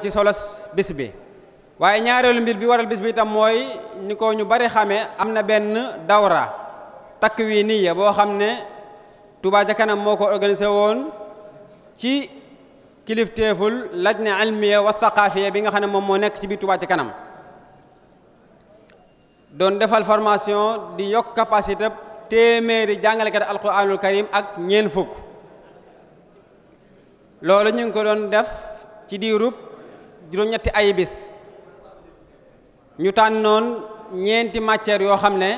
ci solos bis bi waaye ñaareelu mbir bi waral bis bi itam mooy niko ñu bari xamee am na benn dawra takk wii nii ya boo xam ne Touba ca kanam moo ko organisé woon ci kilifteeful lajna almiya wa saqaafiya bi nga xam ne moom moo nekk ci biir Touba ca kanam doon defal formation di yokk capacité téeméeri jàngalekat alquranul karim ak ñeen fukk loolu ñu ngi ko doon def ci diirub juróom-ñetti ay bis ñu tànnoon ñeenti matières yoo xam ne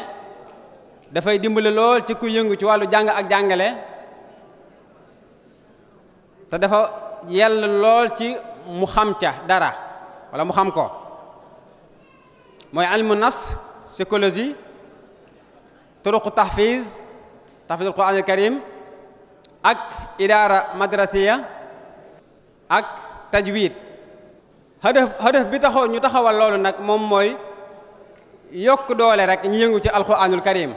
dafay dimbale lool ci ku yëngu ci wàllu jàng ak jàngale te dafa yell lool ci mu xam ca dara wala mu xam ko mooy almu nafs psychologie turuqu tahfiz tahfizul quran al karim ak idaara madrasiya ak tajwid hadaf hadaf bi taxaw ñu taxawal loolu nag moom mooy yokk doole rek ñu yëngu ci alxuraanul karim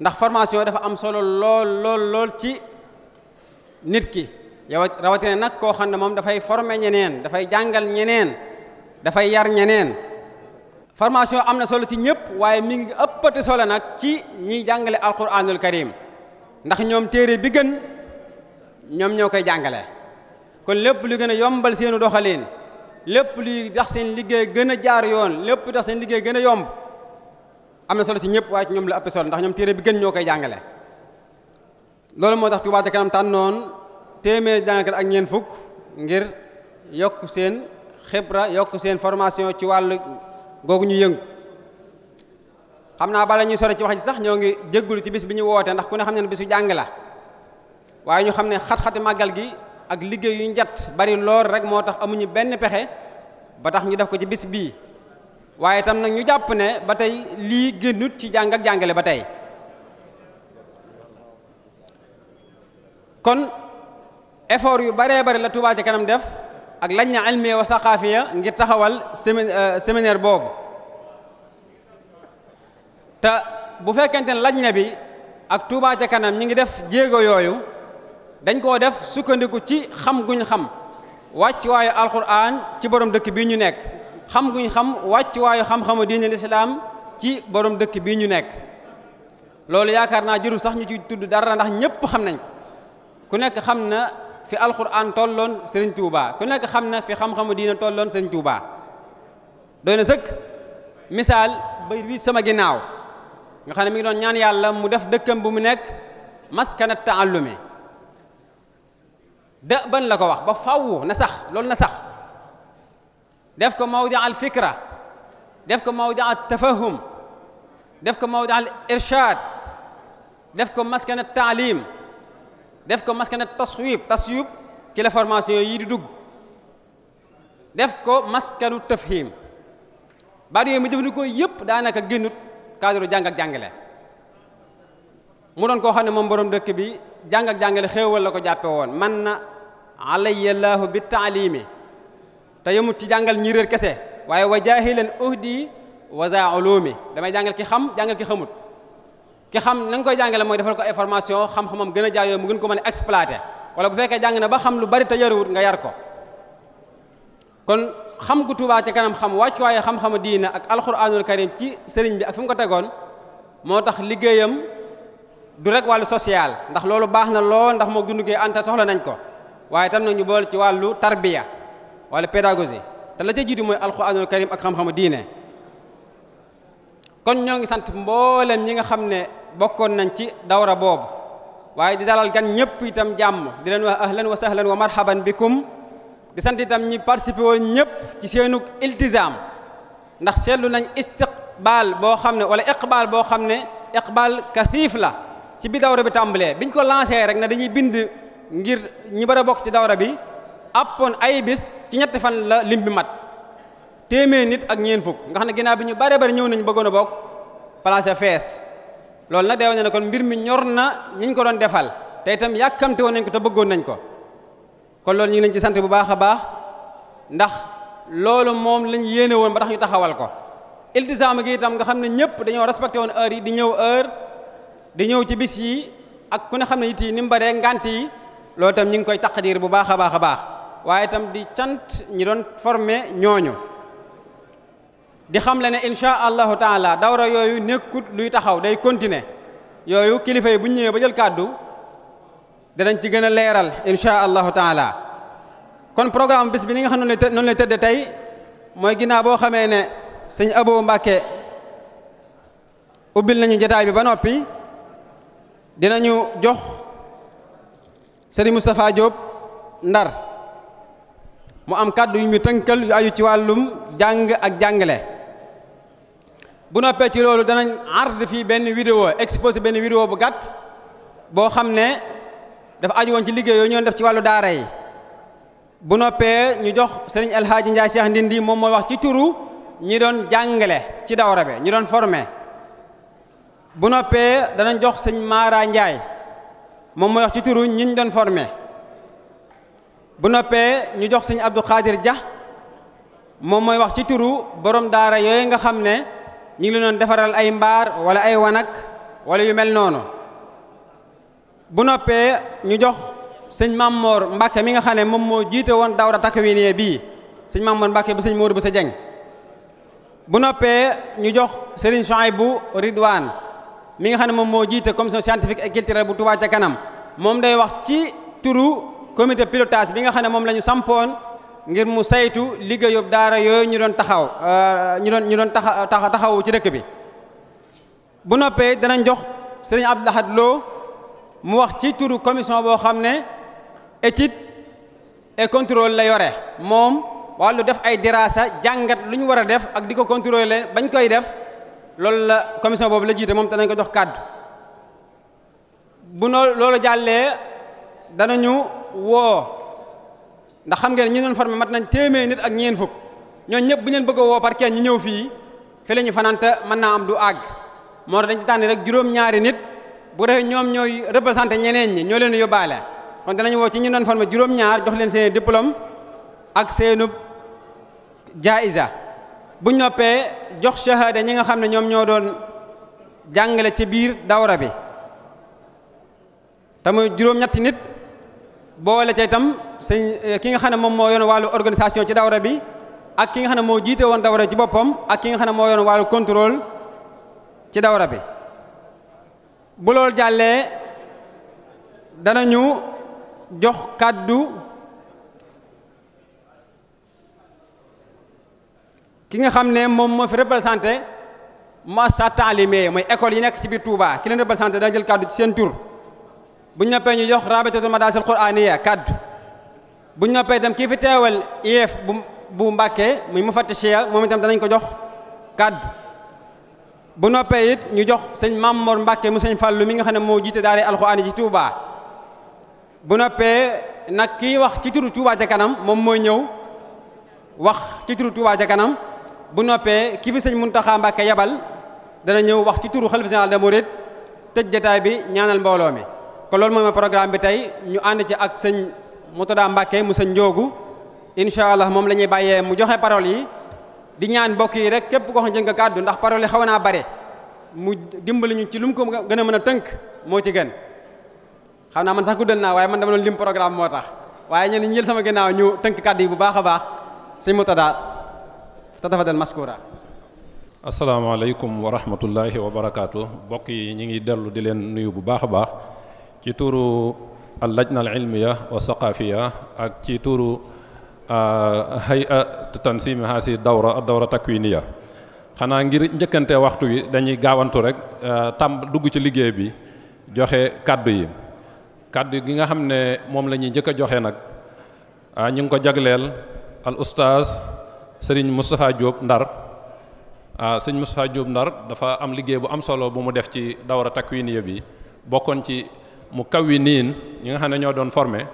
ndax formation dafa am solo lool lool lool ci nit ki yow rawatina nag koo xam ne moom dafay forme ñeneen dafay jàngal ñeneen dafay yar ñeneen formation am na solo ci ñëpp waaye mi ngi ëppati solo nag ci ñiy jàngale alxuraanul karim ndax ñoom téere bi gën ñoom ñoo koy jàngale kon lépp lu gën a yombal seenu doxaleen lépp luy tax seen liggéey gën a jaar yoon lépp tax seen liggéey gën a yomb am na solo si ñëpp waaye ci ñoom la ëpp solo ndax ñoom téere bi gën koy jàngale loolu moo tax Touba ca kanam tànnoon ak ñeent fukk ngir yokk seen xibra yokk seen formation ci wàll googu ñu yëngu xam naa bala ñuy sore ci wax ji sax ñoo ngi jéggulu ci bis bi ñu woote ndax ku ne xam ne bisu jàng la waaye ñu xam ne xat-xati màggal gi ak liggéey yu njatt bari lool rek moo tax amuñu benn pexe ba tax ñu def ko ci bis bii waaye tam nag ñu jàpp ne ba tey lii génnut ci jàng jàngale ba tey kon effort yu baree bari la Touba ci kanam def ak lañ na almiya wa ngir taxawal euh, séminaire boobu te bu fekkente ne lañ bi ak Touba ca kanam ñi ngi def jéego yooyu dañ koo def sukkandiku ci xam guñ xam wàccuwaayu alxuraan ci borom dëkk bii ñu nekk xam guñ xam wàccuwaayu xam-xamu diine lislaam ci borom dëkk bii ñu nekk loolu yaakaar naa jëru sax ñu ci tudd dara ndax ñëpp xam nañ ko ku nekk xam na fi alxuraan tolloon sëriñ Tuuba ku nekk xam na fi xam-xamu diine tolloon sëriñ Tuuba doy na sëkk misaal bay bi sama ginnaaw nga xam ne mi ngi doon ñaan yàlla mu def dëkkam bu mu nekk maskana taallumi da ban la ko wax ba faww na sax loolu na sax def ko mawdi al fikra def ko mawdi al tafahum def ko mawdi al def ko maskan al taalim def ko maskan al taswib tasyub ci la formation yi di dugg def ko maskanu tafhim baat yooyu mu jëfandikoo yëpp daanaka génnut cadre jàng ak jàngale mu doon koo xam ne moom borom dëkk bi jàng ak jàngale xéewal la ko jàppe woon alayallaahu bi taalimi te yëmut ci jàngal ñi kese waaye leen jaahilan di wa za mi damay jàngal ki xam jàngal ki xamut ki xam na koy jàngale mooy defal ko ay formation xam-xamam gën a jaayoo mu gën ko mën a exploité wala bu fekkee jàng na ba xam lu bari te yaruwut nga yar ko kon xam gu Tuubaa ci kanam xam wàcc waaye xam-xamu diina ak alxuraanul karim ci sëriñ bi ak fi mu ko tegoon moo tax liggéeyam du rek wàllu social ndax loolu baax na lool ndax moo dund gee soxla nañ ko waaye tam nañu boole ci wàllu tarbiya wala pédagogie te la ca jiitu mooy alxuraanul karim ak xam-xamu diine kon ñoo ngi sant mboolem ñi nga xam ne bokkoon nañ ci dawra boobu waaye di dalal gan ñëpp itam jàmm di leen wax ahlan wa sahlan wa bi bikum di sant itam ñi participé woon ñëpp ci seenu iltizaam ndax seetlu nañ istiqbaal boo xam ne wala iqbaal boo xam ne iqbaal kathiif la ci bi dawra bi tàmbalee biñ ko lancé rek na dañuy bind ngir ñi bara bokk ci dawra bi appoon ay bis ci ñetti fan la lim bi mat téeméer nit ak ñeen fukk nga xam ne ginnaaw bi ñu bare bari ñëw nañu bëggoon a bokk place fees loolu nag day wane ne kon mbir mi ñor na ñi ko doon defal te itam yàkkamte woon nañ ko te bëggoon nañ ko kon loolu ñu ngi leen ci sant bu baax a baax ndax loolu moom lañu yéene woon ba tax ñu taxawal ko iltisaam gi itam nga xam ne ñëpp dañoo respecté woon heure yi di ñëw heure di ñëw ci bis yi ak ku xam ne it yi baree ngant yi loolu tam ñu ngi koy taqdir bu baax a baax a baax waaye itam di cant ñi doon formé ñooñu di xam le ne insha allahu taala dawra yooyu nekkut luy taxaw day continuer yooyu kilifa yi bu ñëwee ba jël kàddu danañ ci gën a leeral insha allahu taala kon programme bis bi ni nga xam noonu lay tëdd tey mooy ginnaaw boo xamee ne sëñ Abo Mbàkke ubbil nañu jataay bi ba noppi dinañu jox Serigne Moustapha Diop ndar mu am kàddu yu ñu tënkal yu aju ci wàllum jàng ak jàngale bu noppee ci loolu danañ ard fii benn vidéo exposé benn vidéo bu gàtt boo xam ne dafa aju woon ci liggéey yooyu ñoon def ci wàllu daara yi bu noppee ñu jox sëriñ El Hadji Ndiaye Cheikh Ndindi moom mooy wax ci turu ñi doon jàngale ci dawra bi ñi doon forme bu noppee danañ jox sëñ Mara Ndiaye moom mooy wax ci turu ñiñ doon formé bu noppee ñu jox sëñ Abdou Khadir Dia moom mooy wax ci turu borom daara yooyu nga xam ne ñu ngi leen doon defaral ay mbaar wala ay wanag wala yu mel noonu bu noppee ñu jox sëñ Mamor Mbacke mi nga xam ne moom moo jiite woon dawra takwiniye bii sëñ Mamor Mbacke bu sëñ Mourou bu sa jeng bu noppee ñu jox Serigne bu Ridwan mi nga xam ne moom moo jiite commission scientifique et culturelle bu Touba ca kanam moom day wax ci turu comité pilotage bi nga xam ne moom la ñu sampoon ngir mu saytu liggéeyub daara yooyu ñu doon taxaw euh, ñu doon ñu doon taxa taxawu ci dëkk bi. bu noppee danañ jox sëriñ Abdou Lahad loo mu wax ci turu commission boo xam ne étude et contrôle la yore moom wàllu def ay dirasa jàngat lu ñu war a def ak di ko contrôler bañ koy def. loolu la commission boobu la jiite moom danañ ko jox kàddu bu noo loolu jàllee danañu woo ndax xam ngeen ñi doon formé mat nañ téeméer nit ak ñeen fukk ñooñu ñëpp bu ñu leen bëgg a woo par kenn ñu ñëw fii fi la ñu fanante mën naa am du àgg moo tax dañ ci tànn rek juróom-ñaari nit bu defee ñoom ñooy représenté ñeneen ñi ñoo leen yóbbaale kon danañ woo ci ñi doon formé juróom-ñaar jox leen seen diplôme ak seenub jaisa bu noppee jox shahada ñi nga xam ne ñoom ñoo doon jàngale ci biir dawra bi te muy juróom-ñetti nit boole ca itam sëñ eh, ki nga xam ne moom moo yoon wàllu organisation ci dawra bi ak ki nga xam ne moo jiite woon dawra ci boppam ak ki nga xam ne moo yoon wàllu contrôle ci dawra bi bu loolu jàllee danañu jox kàddu ki nga xam ne moom moo fi représenté massa taalime mooy école yi nekk ci biir Touba ki leen représenté dana jël kàddu ci seen tur bu ñu noppee ñu jox rabitatul madarisil qur'aniya kàddu bu ñu noppee itam kii fi teewal IEF bu bu Mbàkke mu fàtte chia moom itam danañ ko jox kàddu bu noppee it ñu jox sëñ Mamor Mbàkke mu sëñ Fàllu mi nga xam ne moo jiite daara alxuraan ci Touba bu noppee nag kii wax ci turu Touba ca kanam moom mooy ñëw wax ci turu Touba ca kanam bu noppee ki fi sëñ Muntaxa Mbàkke yabal dana ñëw wax ci turu xalifa général des mourides tëj jataay bi ñaanal mbooloo mi kon loolu mooy programme bi tey ñu ànd ci ak sëñ Mourtada Mbàkke mu sëñ Njoogu incha moom la ñuy bàyyee mu joxe parole yi di ñaan mbokk yi rek képp koo xam ne kàddu ndax parole yi xaw naa bare mu dimbali ñu ci lu mu ko gën a mën a tënk moo ci gën xam naa man sax guddal naa waaye man dama doon lim programme moo tax waaye ñ sama ginnaaw ñu tënk kàddu yi bu baax a baax sëñ Mourtada tatafadal maskura asalaamaaleykum wa rahmatullahi wa barakaatu mbokk yi ñu ngi dellu di leen nuyu bu baax a baax ci tuuru al na al ilmiya wa saqafiya ak ci tuuru ah, hay'at tansim haasi dawra dawra takwiniya xanaa ngir njëkkante waxtu wi dañuy gaawantu rek ah, tàmb dugg ci liggéey bi joxe kàddu yi kàddu gi nga xam ne moom lañuy ñuy njëkk a joxe nag ah, ñu ngi ko jagleel al ustaaz sëriñ Moustapha jóob Ndar ah sëriñ Moustapha Diop Ndar dafa am liggéey bu am solo bu mu def ci dawra takkwiniye bi bokkoon ci mu kaw yi kawwiniin ñi nga xam ne ñoo doon formé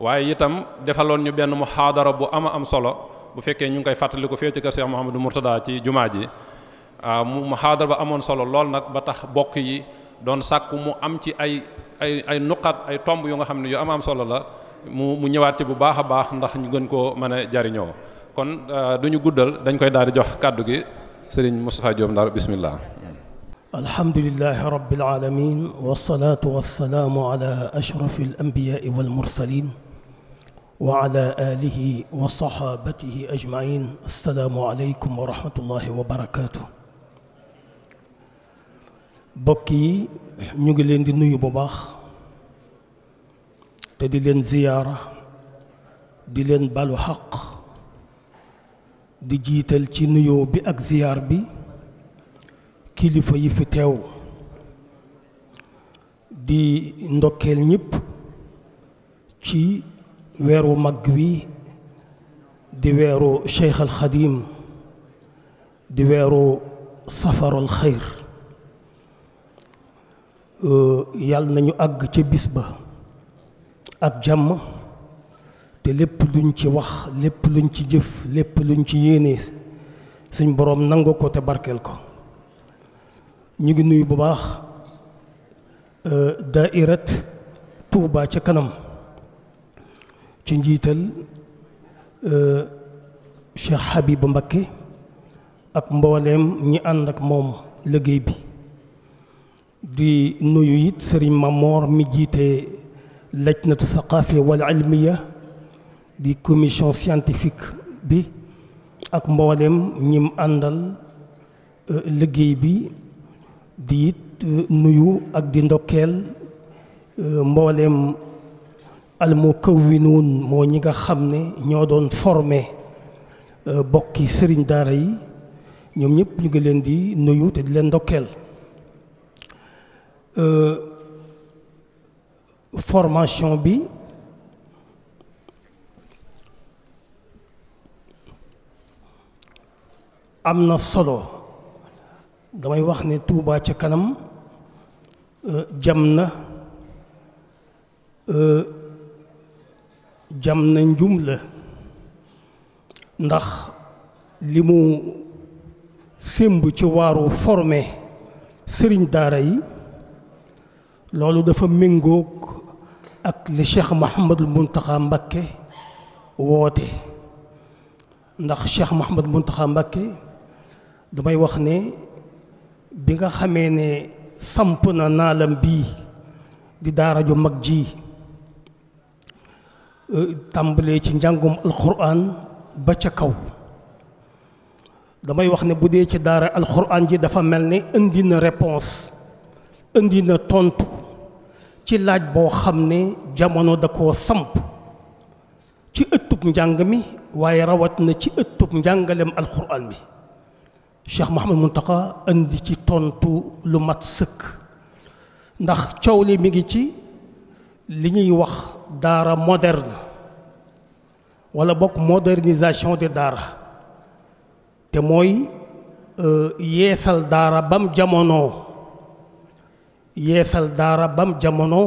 waaye itam defaloon ñu benn muhaadara bu ama am solo bu fekkee ñu ngi koy fàttaliku fee ci kër Cheikh Mouhamadou Mourtada ci jumaa ji ah mu muhaadara ba amoon solo lool nag ba tax bokk yi doon sàkku mu am ci ay ay ay nuqat ay tomb yu nga xam ne yu ama am solo la mu mu ñëwaat ci bu baax a baax ndax ñu gën koo mën a jariñoo kon euh, du ñu guddal dañ koy daal di jox kàddu gi sëriñ Moustapha Diop Ndar bismillah alhamdulillahi rabbil alamin wassalaatu wassalaamu ala ashrafil anbiyaai wal mursalin wa ala alihi wa saxaabatihi ajmain assalaamu aleykum wa rahmatullahi wa barakaatu bokk yi ñu ngi leen di nuyu bu baax te di leen ziyaara di leen balu xaq di jiital ci nuyoo bi ak ziyaar bi kilifa yi fi teew di ndokkeel ñépp ci weeru mag wi di weeru Cheikh al Xadim di weeru safarul xayr yàlla nañu àgg ca bis ba ak jàmm te lépp luñ ci wax lépp luñ ci jëf lépp luñ ci yéene suñ boroom nangu ko te barkeel ko ñu ngi nuyu bu baax euh, daairat Tuuba ca kanam ci njiital euh, Cheikh Habib Mbakke ak mbooleem ñi ànd ak moom liggéey bi di nuyu it Sëriñ Mamoor mi jiite lajnatu saqaafiya wal ilmiya di commission scientifique bi ak mboolem ñim àndal euh, liggéey bi di it euh, nuyu ak di ndokkeel euh, mboolem almukawinuun moo ñi nga xam ne ñoo doon formé bokki sëriñ daara yi ñoom ñëpp ñu ngi leen di nuyu te di leen ndokkeel formation bi am na solo damay wax ne tuubaa ci kanam euh, jam na euh, jam na njum la ndax li mu sémb ci waaru forme sëriñ daara yi loolu dafa méngoog ak li cheikh Mouhamadul Mountakha Mbacké woote ndax cheikh Mouhamadul Mountakha Mbacké damay wax ne bi nga xamee ne samp na naalam bii di daara ju mag ji euh, tàmbalee ci njàngum alxuraan ba ca kaw damay wax ne bu dee ci daara alxuraan ji dafa mel ne indi na réponse indi na tontu ci laaj boo xam ne jamono da koo samp ci ëttub njàng mi waaye rawat na ci ëttub njàngaleem alxuraan mi Cheikh mu taxa indi ci tontu lu mat sëkk ndax coow lii mi ngi ci li ñuy wax daara moderne wala bokk modernisation de daara te mooy euh, yeesal daara bam jamono yeesal daara bam jamono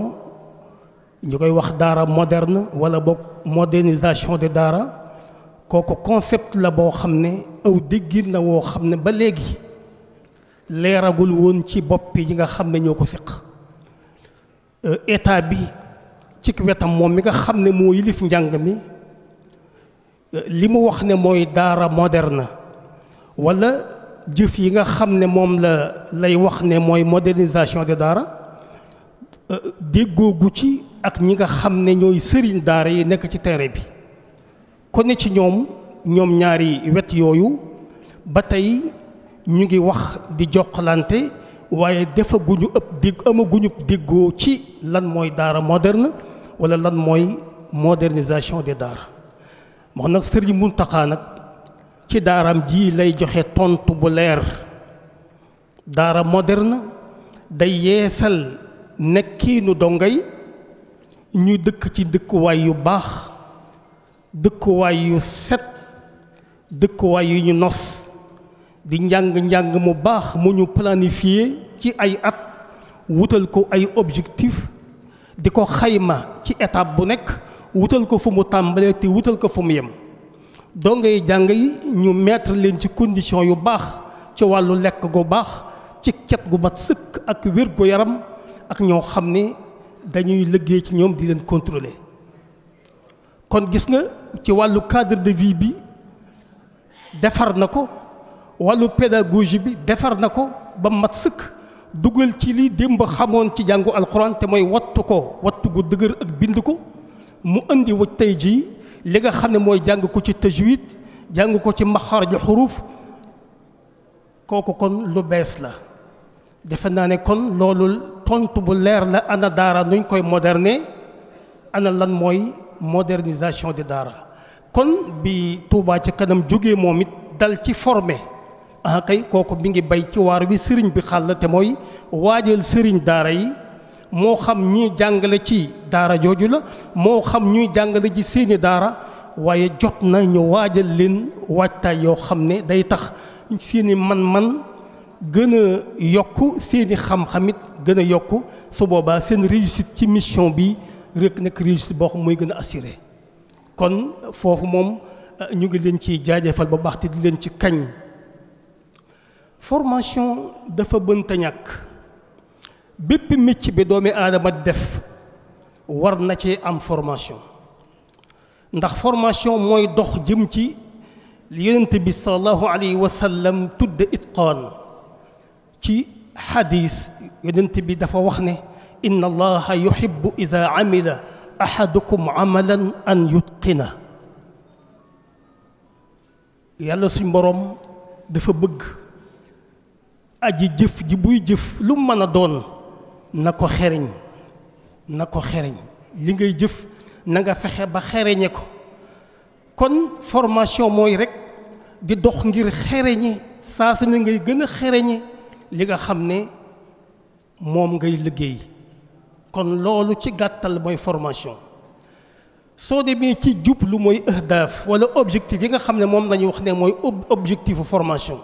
ñu koy wax daara moderne wala bokk modernisation de daara kooku concept la boo xam ne aw déggin la woo xam ne ba léegi leeragul woon ci boppi yi nga xam ne ñoo ko seq euh, état bi cik wetam moom mi nga xam ne moo yilif njàng mi euh, li mu wax ne mooy daara moderne wala jëf yi nga xam ne moom la lay wax ne mooy modernisation de daara euh, déggoogu ci ak ñi nga xam ne ñooy sëriñ daara yi nekk ci terrain bi ku ne ci ñoom ñoom ñaari wet yooyu ba tey ñu ngi wax di joxlante waaye defaguñu ëpp dig amaguñu déggoo ci lan mooy daara moderne wala lan mooy modernisation de daara wax nag Sëriñ Muntaxa ci daaraam ji lay joxe tontu bu leer daara moderne day yeesal nekkiinu dongay ñu dëkk ci dëkkuwaay yu baax dëkkuwaay yu set dëkkuwaay yu ñu nos di njàng-njàng mu baax mu ñu planifié ci ay at wutal ko ay objectif di ko xayma ci étape bu nekk wutal ko fu mu tàmbalee te wutal ko fu mu yem dongay jàng yi ñu mettre leen ci condition yu baax ci wàllu lekk gu baax ci cet gu mat sëkk ak wér gu yaram ak ñoo xam ni dañuy liggéey ci ñoom di leen contrôler kon gis nga ci wàllu cadre de bi defar na ko wàllu pédagogie bi defar na ko ba mat sëkk dugal ci li démb xamoon ci jàngu alxuraan te mooy wattu ko wattu gu dëgër ak bind ko mu indi waj tey jii li nga xam ne mooy jàng ko ci tajwid jàng ko ci maxaaraju xuruuf kooku kon lu bees la defe naa ne kon loolu tontu bu leer la ana daara nuñ koy moderne ana lan mooy modernisation de daara kon bi Touba ci kanam jóge moom it dal ci formé ah kay kooku bi ngi bay ci waar bi sëriñ bi xàll te mooy waajal sëriñ daara yi moo xam ñuy jàngale ci daara jooju la moo xam ñuy jàngale ci seeni daara waaye jot na ñu waajal leen waajtaay yoo xam ne day tax seeni man-man gën a yokk seeni xam-xamit gën a yokk su boobaa seen réussite ci mission bi rek nekk réussite boo xam mooy gën a assuré kon foofu moom euh, ñu ngi leen ci jaajëfal ba baax te di leen ci kañ formation dafa bënta ñàkk bépp métier bi doomi aadama def war na ci am formation ndax formation mooy dox jëm ci yonent bi sallallahu alayhi wa sallam tudde ci xadis yonent bi dafa wax ne inna allaha yuhibbu ida amila ahadukum amalan an yutqina yàlla suñ boroom dafa bëgg aji jëf ji buy jëf lu mën a doon na ko xereñ na ko xereñ li ngay jëf na nga fexe ba xereñe ko kon formation mooy rekk di dox ngir xereñe saa su ne ngay gën a xereñe li nga xam ne moom ngay liggéey kon loolu ci gàttal mooy formation soo demee ci jublu moy ahdaaf wala objectif yi nga xam ne moom lañuy wax ne mooy objectifu formation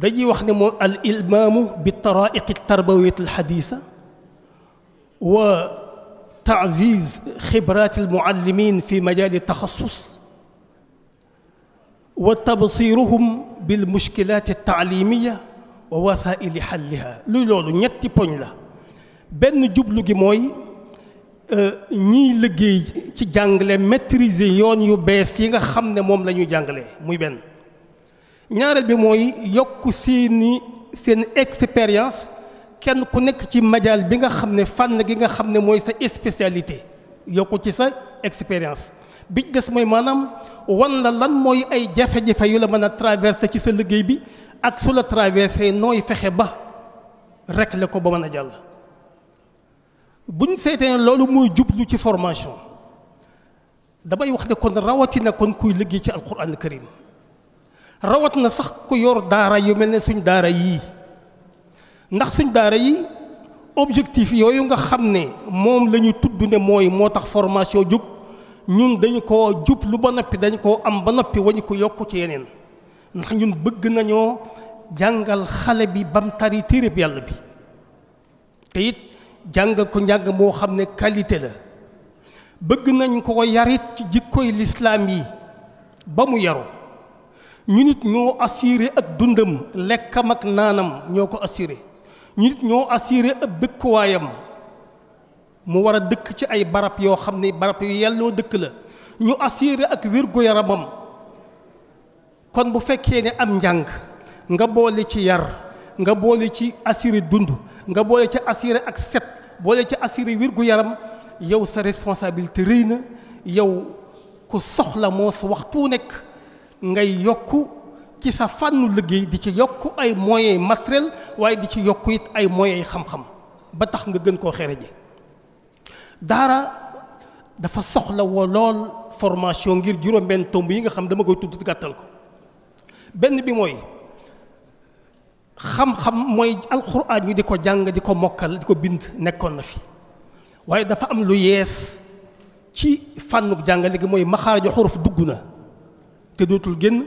dañuy wax ne mooy al ilmaamu bi taraiqi tarbawiyat al xadiisa wa taaziz xibraat al muallimin fi majaali taxasus wa tabsiruhum bil mushkilaat al taalimiya saa xal wasaili xalliha luy loolu ñetti poñ la benn jublu gi mooy euh, ñiy liggéey ci jàngale maîtriser yoon yu bees yi nga xam ne moom la ñuy jàngale muy benn ñaareel bi mooy yokk seeni seen expérience kenn ku nekk ci majaal bi nga xam ne fànn gi nga xam ne mooy sa spécialité yokku ci sa expérience bi des mooy maanaam wan la lan mooy ay jafe-jafe yu la mën a traversé ci sa liggéey bi ak su la traversé nooy fexe ba rek la ko ba mën a jàll bu ñu seetee loolu muy jublu ci formation damay wax ne kon rawatina kon kuy liggéey ci alquran karim rawat na sax ku yor daara yu mel ne suñ daara yii ndax suñ daara yi objectif yooyu nga xam ne moom la ñu tudd ne mooy moo tax formation jub ñun dañu ko jublu ba noppi dañ koo am ba noppi wañu ko yokk ci yeneen ndax ñun bëgg nañoo jàngal xale bi bam tari téereb yàlla bi te it jàngal ko njàng moo xam ne qualité la bëgg nañ ko yarit ci jikkoy lislaam yi ba mu yaru ñu nit ñoo assuré ak dundam lekkam ak naanam ñoo ko assuré ñu nit ñoo assuré ab dëkkuwaayam mu war a dëkk ci ay barab yoo xam ne barab yi yàlloo dëkk la ñu assuré ak wér-gu-yaramam kon bu fekkee ne am njàng nga boole ci yar nga boole ci assuré dund nga boole ci assuré ak set boole ci assuré wérgu yaram yow sa responsabilité rëy na yow ku soxla moo sa waxtu nekk ngay yokk ci sa fànnu liggéey di ci yokk ay moyens matériel waaye di ci yokku it ay moyens xam-xam ba tax nga gën koo xere ji daara dafa soxla woo lool formation ngir juróom-benn tomb yi nga xam dama koy tudd gàttal ko benn bi mooy xam-xam mooy alxuraan ñu di ko jàng di ko mokkal di ko bind nekkoon na fi waaye dafa am lu yees ci fànnuk jàngale gi mooy maxaaraju xuruf dugg na te dootul génn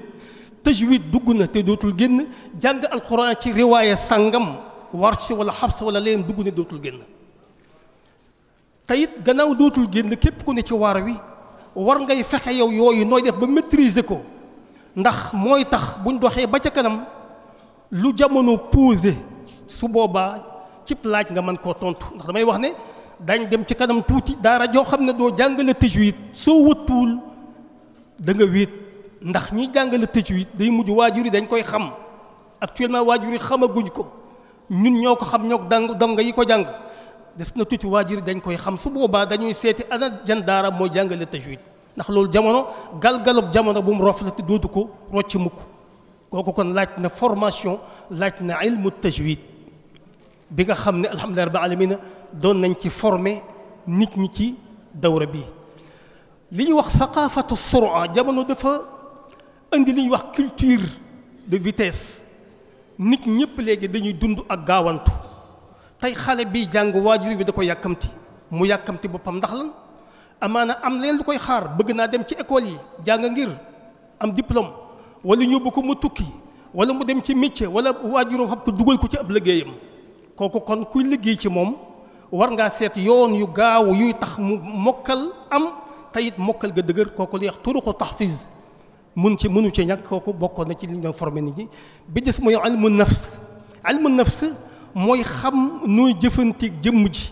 tajwid dugg na te dootul génn jàng alxuraan ci riwaaya sàngam warsh wala xabs wala leen dugg na dootul génn te it gannaaw dootul génn képp ku ne ci waar wi war ngay fexe yow yooyu nooy def ba maîtriser ko ndax mooy tax buñ doxee ba ca kanam lu jamono posé su boobaa cib laaj nga mën koo tontu ndax damay wax ne dañ dem ci kanam tuuti daara joo xam ne doo jàngale tajwid soo wëttuwul da nga wéet ndax ñiy jàngale tajwid day mujj waajur yi dañ koy xam actuellement waajur yi xamaguñ ko ñun ñoo ko xam ñoo dang dong yi ko jàng des na tuuti waajur yi dañ koy xam su boobaa dañuy seeti ana jan daara mooy jàngale tajwid ndax loolu jamono galgalub jamono bu mu rof la te dootu ko rocc mukk kooku kon laaj na formation laaj na ilmu tajwid bi nga xam ne alhamdulilah rabbil alamina doon nañ ci former nit ñi ci dawra bi li ñuy wax saqaafatu sura jamono dafa indi li wax culture de vitesse nit ñëpp léegi dañuy dund ak gaawantu tey xale bi jàng waajur bi da ko yàkkamti mu yàkkamti boppam ndax lan amaana am leen lu koy xaar bëgg naa dem ci école yi jàng ngir am diplôme wala ñóbbu ko mu tukki wala mu dem ci métier wala waajuram xam ko dugal ko ci ab liggéeyam kooku kon kuy liggéey ci moom war ngaa seet yoon yu gaaw yuy tax mu mokkal am te it mokkal ga dëgër kooku li ko tax tahfiz mun ci mënu ci ñàkk kooku bokkoon na ci li ñu formé nit ñi bi des mooy almu nafs almu nafs mooy xam nooy jëfanti jëmm ji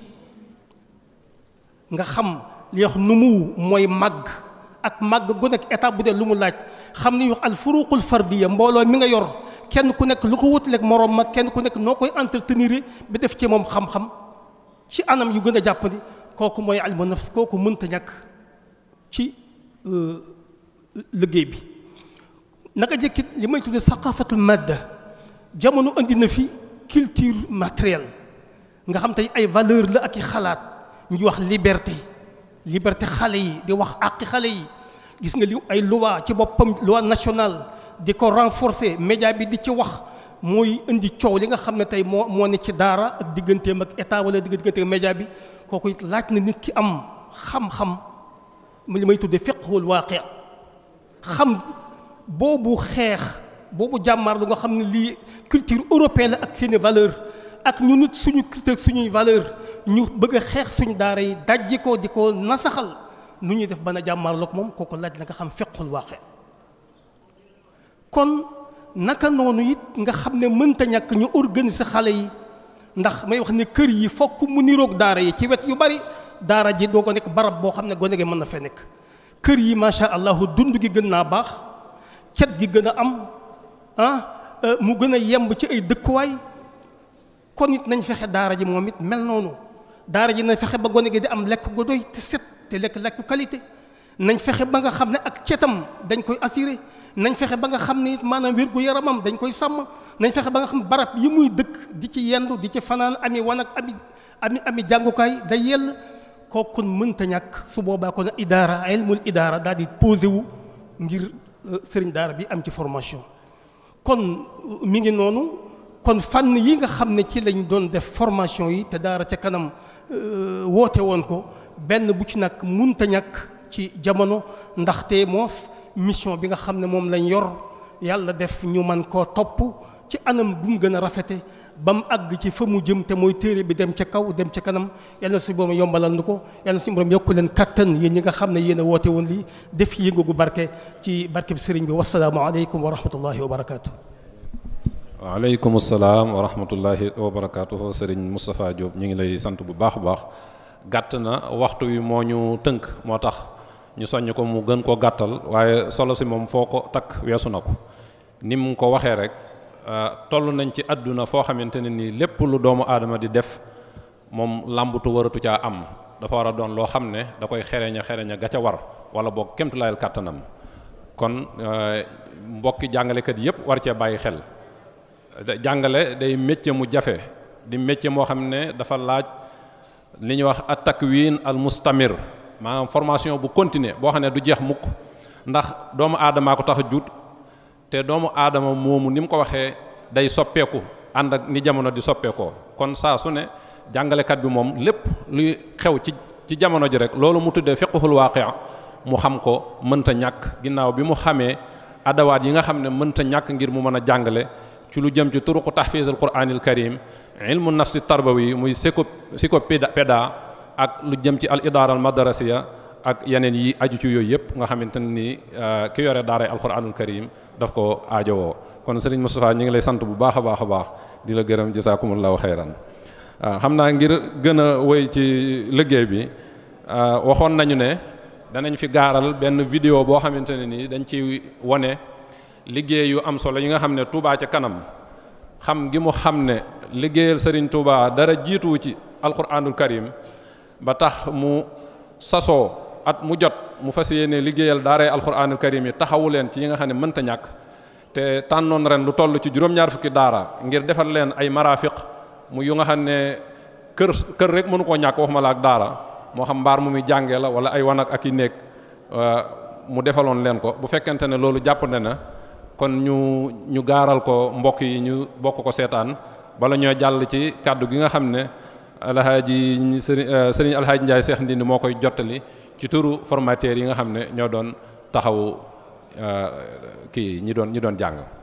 nga xam li wax mu mooy màgg ak màgg gu nekk étape bu dee lu mu laaj xam ni wax al furuqul fardiya mbooloo mi nga yor kenn ku nekk lu ko wutaleeg moroom ma kenn ku nekk noo koy entretenir bi def ci moom xam-xam ci anam yu gën a jàppandi kooku mooy almu nafs kooku mënta ñàkk ci euh, liggéey bi naka jëkkit li may tudde saqafatul madda jamono indi na fi culture matériel nga xam tey ay valeur la ak i xalaat ñu wax liberté liberté xale yi di wax àqi xale yi gis nga li ay loi ci boppam loi nationale di ko renforcer média bi di ci wax mooy indi coow li nga xam ne tey moo moo ne ci daara ak digganteem ak état wala digganteem média bi kooku it laaj na nit ki am xam-xam li may tuddee fiqhul waaqi xam boobu xeex boobu jàmmaar lu nga xam ne lii culture européenne la ak seeni valeur ak ñu nit suñu culture suñuy valeur ñu bëgg a xeex suñu daara yi dajji ko di ko nasaxal nu ñuy def bana jàmmaarloog moom kooku laaj la nga xam fequl waaxe kon naka noonu it nga xam ne mënta ñàkk ñu organiser xale yi ndax may wax ne kër yi fokk mu niroog daara yi ci wet yu bari daara ji doo ko nekk barab boo xam ne gone gi mën na fee nekk kër yi macha allah dund gi gën naa baax cet gi gën a am ah euh, mu gën a yemb ci ay dëkkuwaay kon it nañ fexe daara ji moom it mel noonu daara ji nañ fexe ba gone gi di am lekk gu set te lekk lekk qualité nañ fexe ba nga xam ne ak cetam dañ koy assuré nañ fexe ba nga xam ne maanaam wér gu yaramam dañ koy sàmm nañ fexe ba nga xam barab yi muy dëkk di ci yendu di ci fanaan ami wan ak ami ami ami jàngukaay day yell kooku mënta ñàkk su boobaa kon idaara ilmul idaara daal di wu ngir euh, sëriñ daara bi am ci formation kon mi ngi noonu kon fànn yi nga xam ne ci lañ doon def formation yi te daara ca kanam Euh, woote woon ko benn bu ci nag munta ñàkk ci jamono ndaxte moos mission bi nga xam ne moom lañ yor yàlla def ñu man koo topp ci anam gum gën a rafete ba mu àgg ci fa mu jëm te mooy téere bi dem ca kaw dem ca kanam yal na suñu borom yombalal nu ko yal na suñu borom yokku leen kattan yéen ñi nga xam ne yéen woote woon lii def yëngu gu barke ci barke bi sëriñ bi wasalaamualeykum wa rahmatullahi wa barakaatu. waaleykum salaam wa rahmatullahi wa barakaatuhu sëriñ ñu ngi lay sant bu baax a baax gàtt na waxtu wi moo ñu tënk moo tax ñu soññ ko mu gën koo gàttal waaye solo si moom foo ko takk weesu na ko ni mu ko waxee rek euh, toll nañ ci àdduna foo xamante ne nii lépp lu doomu aadama di def moom làmbatu waratu caa am dafa war a doon loo xam ne da koy xereña xereña ga ca war wala boog kemtu layal kàttanam kon euh, mbokki jàngalekat yépp war cee bàyyi xel jàngale day métier mu jafe di métier moo xam ne dafa laaj li ñuy wax at-takwin al-mustamir maanaam formation bu continue boo xam ne du jeex mukk ndax doomu aadamaa ko tax a juut te doomu aadama moomu ni mu ko waxee day soppeeku ànd ak ni jamono di soppeekoo kon saa su ne jàngalekat bi moom lépp luy xew ci ci jamono ji rek loolu mu tuddee fiqhul waaqi' mu xam ko mënta ñàkk ginnaaw bi mu xamee adawaat yi nga xam ne mënta ñàkk ngir mu mën a jàngale ci lu jëm ci turuqu tahfiizul quraanil karim ilmu nafsi tarbawi muy psycho psychopéda ak lu jëm ci al idaara al madrasiya ak yeneen yi aju ci yooyu yëpp nga xamante ni euh, ki yore daaray alquranul karim daf ko aajowoo kon sëriñ Moustapha ñu ngi lay sant bu baax a baax a baax di la gërëm jasaakumullaahu xayran waaw euh, xam naa ngir gën a ci liggéey bi euh, waxoon nañu ne danañ fi gaaral benn vidéo boo xamante ne nii dañ ci wone liggéey yu am solo yi nga xam ne Touba ci kanam xam gi mu xam ne liggéeyal Serigne Touba dara jiituwu ci alxuraanul karim ba tax mu sasoo at mu jot mu fas yéene liggéeyal daaray alxuraanul karim yi taxawu leen ci yi nga xam ne mënta ñàkk te tànnoon ren lu toll ci juróom-ñaar fukki daara ngir defal leen ay marafiq mu yu nga xam ne kër kër rek mënu koo ñàkk waxuma la ak daara moo xam mbaar mu muy jàngee la wala ay wanag ak yi néeg euh, mu defaloon leen ko bu fekkente ne loolu jàpp ne na kon ñu ñu gaaral ko mbokk yi ñu bokk ko seetaan bala ñoo jàll ci kàddu gi nga xam ne alhaaji sëriñ euh, alhaaji Ndiaye Cheikh Ndindi moo koy jottali ci turu formateur yi nga xam ne ñoo doon taxawu euh, kii ñi doon ñi doon jàng